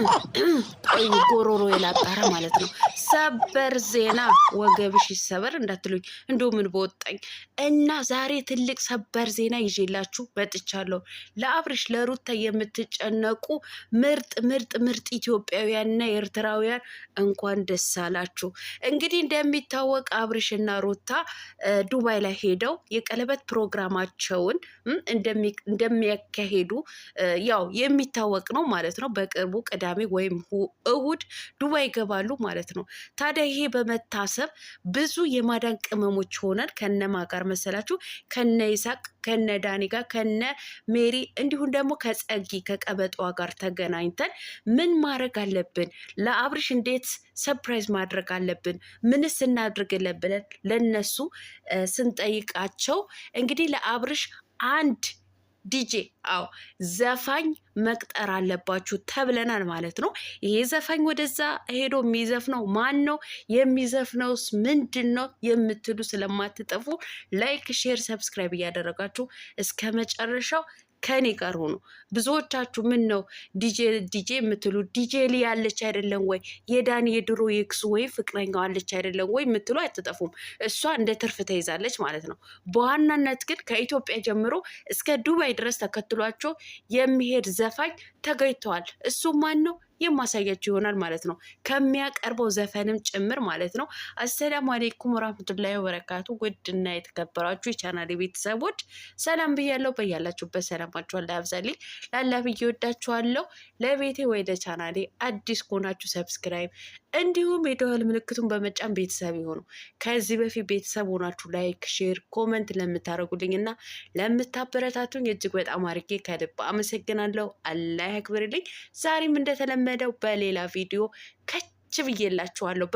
ጎሮሮ የላጣረ ማለት ነው። ሰበር ዜና ወገብሽ ይሰበር እንዳትሉኝ፣ እንደው ምን በወጣኝ እና ዛሬ ትልቅ ሰበር ዜና ይዤላችሁ መጥቻለሁ። ለአብርሽ ለሩታ የምትጨነቁ ምርጥ ምርጥ ምርጥ ኢትዮጵያውያንና ኤርትራውያን እንኳን ደስ አላችሁ። እንግዲህ እንደሚታወቅ አብርሽና ሩታ ዱባይ ላይ ሄደው የቀለበት ፕሮግራማቸውን እንደሚያካሄዱ ያው የሚታወቅ ነው ማለት ነው። በቅርቡ ቅዳሜ ወይም እሁድ ዱባይ ይገባሉ ማለት ነው። ታዲያ ይሄ በመታሰብ ብዙ የማዳን ቅመሞች ሆነን ከነማ ጋር መሰላችሁ ከነ ይሳቅ ከነ ዳኒ ጋር ከነ ሜሪ እንዲሁም ደግሞ ከጸጊ ከቀበጧ ጋር ተገናኝተን ምን ማድረግ አለብን፣ ለአብርሽ እንዴት ሰፕራይዝ ማድረግ አለብን፣ ምንስ እናድርግለን ብለን ለነሱ ስንጠይቃቸው እንግዲህ ለአብርሽ አንድ ዲጄ አዎ ዘፋኝ መቅጠር አለባችሁ ተብለናል ማለት ነው። ይሄ ዘፋኝ ወደዛ ሄዶ የሚዘፍነው ማን ነው? የሚዘፍነውስ ምንድን ነው? የምትሉ ስለማትጠፉ ላይክ፣ ሼር፣ ሰብስክራይብ እያደረጋችሁ እስከ መጨረሻው ከኔ ጋር ሆኖ ብዙዎቻችሁ ምን ነው ዲጄ ዲጄ የምትሉ ዲጄ ሊ ያለች አይደለም ወይ የዳኒ የድሮ የክሱ ወይም ፍቅረኛው አለች አይደለም ወይ የምትሉ አትጠፉም። እሷ እንደ ትርፍ ተይዛለች ማለት ነው። በዋናነት ግን ከኢትዮጵያ ጀምሮ እስከ ዱባይ ድረስ ተከትሏቸው የሚሄድ ዘፋኝ ተገኝተዋል። እሱ ማን ነው? የማሳያችሁ ይሆናል ማለት ነው። ከሚያቀርበው ዘፈንም ጭምር ማለት ነው። አሰላሙ አሌይኩም ወራህመቱላሂ ወበረካቱ። ውድና የተከበራችሁ የቻናል ቤተሰቦች ሰላም ብያለሁ። በያላችሁበት ሰላማችኋን ላያብዛልኝ። ላላ ላላፍ ወዳችኋለሁ። ለቤቴ ወይ ለቻናሌ አዲስ ከሆናችሁ ሰብስክራይብ እንዲሁም የደወል ምልክቱን በመጫን ቤተሰብ የሆኑ ከዚህ በፊት ቤተሰብ ሆናችሁ ላይክ፣ ሼር፣ ኮመንት ለምታደርጉልኝ እና ለምታበረታቱኝ እጅግ በጣም አድርጌ ከልብ አመሰግናለሁ። አላህ ያክብርልኝ። ዛሬም እንደተለመደው በሌላ ቪዲዮ ከች ብዬላችኋለሁ፣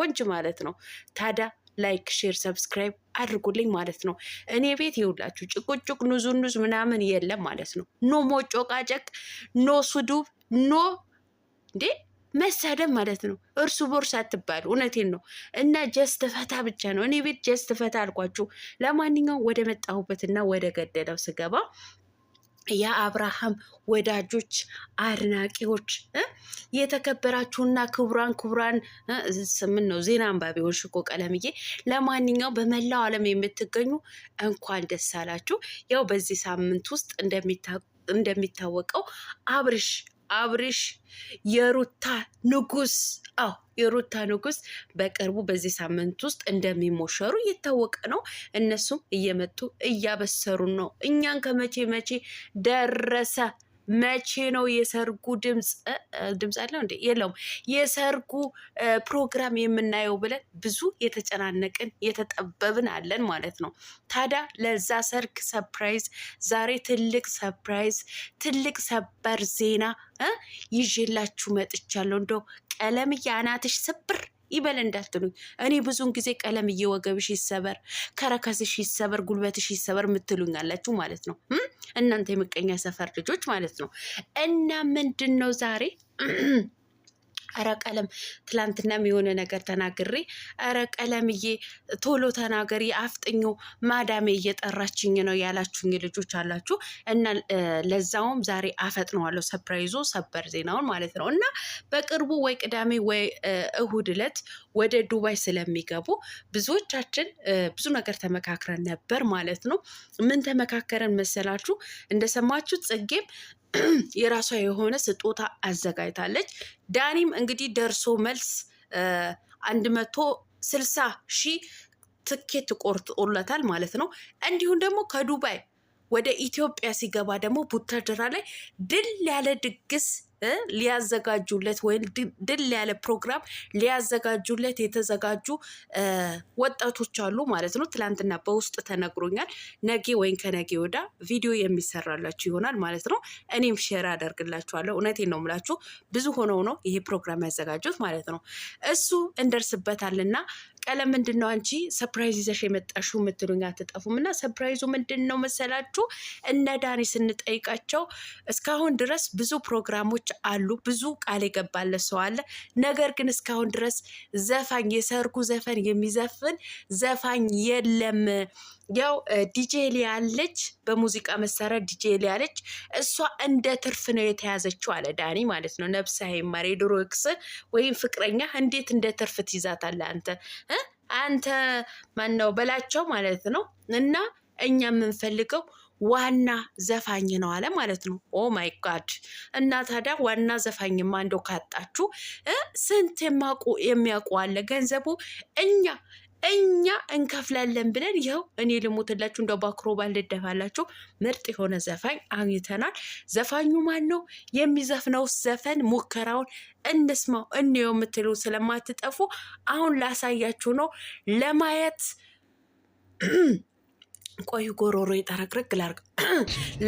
ቆንጅ ማለት ነው። ታዲያ ላይክ፣ ሼር፣ ሰብስክራይብ አድርጉልኝ ማለት ነው። እኔ ቤት ይውላችሁ ጭቁጭቅ፣ ኑዙ ኑዝ ምናምን የለም ማለት ነው። ኖ ሞጮቃጨቅ፣ ኖ ሱዱብ፣ ኖ እንዴ መሳደብ ማለት ነው። እርሱ ቦርሳ ትባል እውነቴን ነው። እና ጀስት ፈታ ብቻ ነው። እኔ ቤት ጀስት ፈታ አልኳችሁ። ለማንኛውም ወደ መጣሁበትና ወደ ገደለው ስገባ የአብርሃም ወዳጆች አድናቂዎች፣ የተከበራችሁና ክቡራን ክቡራን ስምን ነው ዜና አንባቢዎች እኮ ቀለምዬ። ለማንኛውም በመላው ዓለም የምትገኙ እንኳን ደስ አላችሁ። ያው በዚህ ሳምንት ውስጥ እንደሚታወቀው አብርሽ አብርሽ የሩታ ንጉስ፣ አዎ የሩታ ንጉስ በቅርቡ በዚህ ሳምንት ውስጥ እንደሚሞሸሩ እየታወቀ ነው። እነሱም እየመጡ እያበሰሩ ነው። እኛን ከመቼ መቼ ደረሰ መቼ ነው የሰርጉ ድምፅ ድምፅ አለው እንዴ? የለውም። የሰርጉ ፕሮግራም የምናየው ብለን ብዙ የተጨናነቅን የተጠበብን አለን ማለት ነው። ታዲያ ለዛ ሰርግ ሰፕራይዝ ዛሬ ትልቅ ሰፕራይዝ ትልቅ ሰበር ዜና ይዤላችሁ መጥቻለሁ። እንደው ቀለምዬ አናትሽ ስብር ይበል እንዳትሉኝ። እኔ ብዙውን ጊዜ ቀለምዬ ወገብሽ ይሰበር፣ ከረከስሽ ይሰበር፣ ጉልበትሽ ይሰበር ምትሉኝ አላችሁ ማለት ነው። እናንተ የምቀኛ ሰፈር ልጆች ማለት ነው። እና ምንድን ነው ዛሬ አረ ቀለም ትላንትናም የሆነ ነገር ተናግሬ፣ አረ ቀለምዬ ቶሎ ተናገሪ አፍጥኞ ማዳሜ እየጠራችኝ ነው ያላችሁኝ ልጆች አላችሁ እና ለዛውም ዛሬ አፈጥነዋለሁ። ሰፕራይዞ ሰበር ዜናውን ማለት ነው እና በቅርቡ ወይ ቅዳሜ ወይ እሁድ ዕለት ወደ ዱባይ ስለሚገቡ ብዙዎቻችን ብዙ ነገር ተመካክረን ነበር ማለት ነው። ምን ተመካከረን መሰላችሁ? እንደሰማችሁ ጽጌም የራሷ የሆነ ስጦታ አዘጋጅታለች። ዳኒም እንግዲህ ደርሶ መልስ አንድ መቶ ስልሳ ሺህ ትኬት ቆርጦለታል ማለት ነው። እንዲሁም ደግሞ ከዱባይ ወደ ኢትዮጵያ ሲገባ ደግሞ ቡታጅራ ላይ ድል ያለ ድግስ ሊያዘጋጁለት ወይም ድል ያለ ፕሮግራም ሊያዘጋጁለት የተዘጋጁ ወጣቶች አሉ ማለት ነው። ትላንትና በውስጥ ተነግሮኛል። ነጌ ወይም ከነጌ ወዳ ቪዲዮ የሚሰራላችሁ ይሆናል ማለት ነው። እኔም ሼር አደርግላችኋለሁ። እውነቴ ነው ምላችሁ ብዙ ሆነው ነው ይሄ ፕሮግራም ያዘጋጁት ማለት ነው። እሱ እንደርስበታልና ቀለም ምንድን ነው አንቺ ሰፕራይዝ ይዘሽ የመጣሹ የምትሉኝ አትጠፉም። እና ሰፕራይዙ ምንድን ነው መሰላችሁ? እነ ዳኒ ስንጠይቃቸው እስካሁን ድረስ ብዙ ፕሮግራሞች አሉ። ብዙ ቃል የገባለት ሰው አለ። ነገር ግን እስካሁን ድረስ ዘፋኝ የሰርጉ ዘፈን የሚዘፍን ዘፋኝ የለም። ያው ዲጄ ሊያለች በሙዚቃ መሳሪያ ዲጄ ሊያለች እሷ እንደ ትርፍ ነው የተያዘችው አለ ዳኒ ማለት ነው። ነብሰ ሀይማር የድሮ ክስ ወይም ፍቅረኛ እንዴት እንደ ትርፍ ትይዛታለህ አንተ አንተ ማነው በላቸው ማለት ነው እና እኛ የምንፈልገው ዋና ዘፋኝ ነው አለ ማለት ነው። ኦ ማይ ጋድ! እና ታዲያ ዋና ዘፋኝማ እንደው ካጣችሁ ስንት የማቁ የሚያውቁ አለ ገንዘቡ እኛ እኛ እንከፍላለን ብለን ይኸው እኔ ልሞትላችሁ እንደው በአክሮባት ልደፋላችሁ ምርጥ የሆነ ዘፋኝ አግኝተናል። ዘፋኙ ማን ነው? የሚዘፍነው ዘፈን ሙከራውን እንስማው እንየው የምትሉ ስለማትጠፉ አሁን ላሳያችሁ ነው ለማየት ቆይ ጎሮሮ ይጠረቅረቅ ላርግ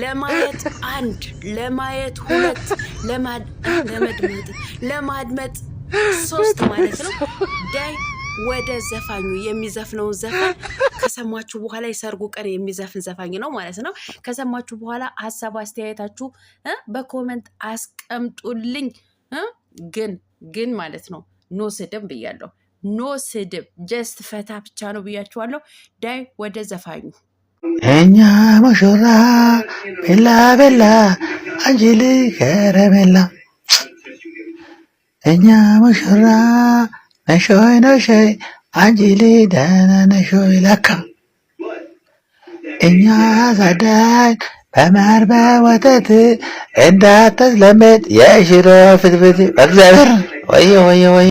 ለማየት አንድ ለማየት ሁለት ለማድመጥ ለማድመጥ ሶስት ማለት ነው። ዳይ ወደ ዘፋኙ የሚዘፍነውን ዘፈን ከሰማችሁ በኋላ የሰርጉ ቀን የሚዘፍን ዘፋኝ ነው ማለት ነው። ከሰማችሁ በኋላ ሀሳብ አስተያየታችሁ በኮመንት አስቀምጡልኝ። ግን ግን ማለት ነው ኖ ስድብ ብያለሁ። ኖ ስድብ ጀስት ፈታ ብቻ ነው ብያችኋለሁ። ዳይ ወደ ዘፋኙ እኛ ሙሽራ ቤላ ቤላ አንጅል ከረሜላ እኛ ሙሽራ ነሾይ ነሾይ አንጅል ደህና ነሾይ ለካ እኛ ሳዳኝ በማር በወተት እንዳተስለመድ የሽሮ ፍትፍት በእግዚአብሔር ወየ ወየ ወየ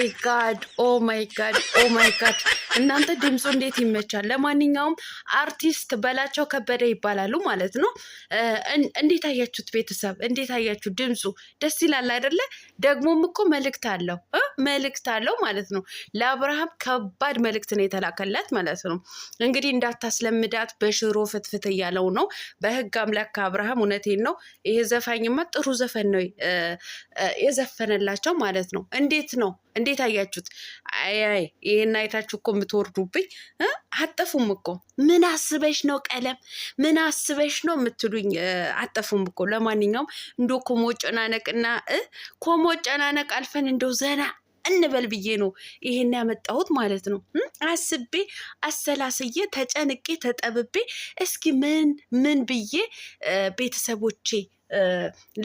ማይ ጋድ ኦ ማይ ጋድ ኦ ማይ ጋድ! እናንተ ድምፁ እንዴት ይመቻል! ለማንኛውም አርቲስት በላቸው ከበደ ይባላሉ ማለት ነው። እንዴት አያችሁት? ቤተሰብ እንዴት አያችሁ? ድምፁ ደስ ይላል አይደለ? ደግሞም እኮ መልእክት አለው መልእክት አለው ማለት ነው። ለአብርሃም ከባድ መልእክት ነው የተላከላት ማለት ነው። እንግዲህ እንዳታስለምዳት በሽሮ ፍትፍት እያለው ነው። በህግ አምላክ ከአብርሃም እውነቴን ነው። ይሄ ዘፋኝማ ጥሩ ዘፈን ነው የዘፈነላቸው ማለት ነው። እንዴት ነው እንዴት አያችሁት? አይ ይሄን አይታችሁ እኮ የምትወርዱብኝ አጠፉም እኮ ምን አስበሽ ነው ቀለም፣ ምን አስበሽ ነው የምትሉኝ። አጠፉም እኮ ለማንኛውም እንዶ ኮሞ ኮሞጨናነቅ አልፈን እንደው ዘና እንበል ብዬ ነው ይሄን ያመጣሁት ማለት ነው። አስቤ አሰላስዬ ተጨንቄ ተጠብቤ እስኪ ምን ምን ብዬ ቤተሰቦቼ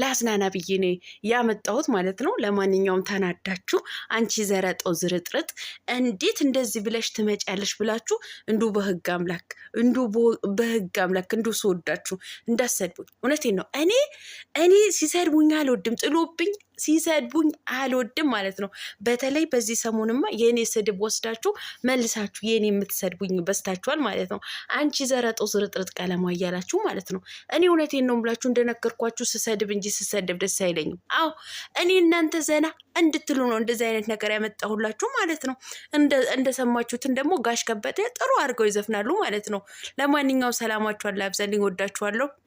ለአዝናና ብዬ ነው ያመጣሁት ማለት ነው። ለማንኛውም ተናዳችሁ አንቺ ዘረጠው ዝርጥርጥ እንዴት እንደዚህ ብለሽ ትመጪያለሽ ብላችሁ እንዱ በህግ አምላክ እንዱ በህግ አምላክ እንዱ ስወዳችሁ እንዳሰድቡኝ። እውነቴን ነው። እኔ እኔ ሲሰድቡኝ አልወድም፣ ጥሎብኝ ሲሰድቡኝ አልወድም ማለት ነው። በተለይ በዚህ ሰሞንማ የእኔ ስድብ ወስዳችሁ መልሳችሁ የእኔ የምትሰድቡኝ በስታችኋል ማለት ነው። አንቺ ዘረጠው ዝርጥርጥ ቀለማ እያላችሁ ማለት ነው። እኔ እውነቴን ነው ብላችሁ እንደነገርኳችሁ እየገባችሁ ስሰድብ እንጂ ስሰድብ ደስ አይለኝም። አዎ እኔ እናንተ ዘና እንድትሉ ነው እንደዚህ አይነት ነገር ያመጣሁላችሁ ማለት ነው። እንደሰማችሁትን ደግሞ ጋሽ ከበደ ጥሩ አድርገው ይዘፍናሉ ማለት ነው። ለማንኛውም ሰላማችኋን አብዛልኝ፣ ወዳችኋለሁ።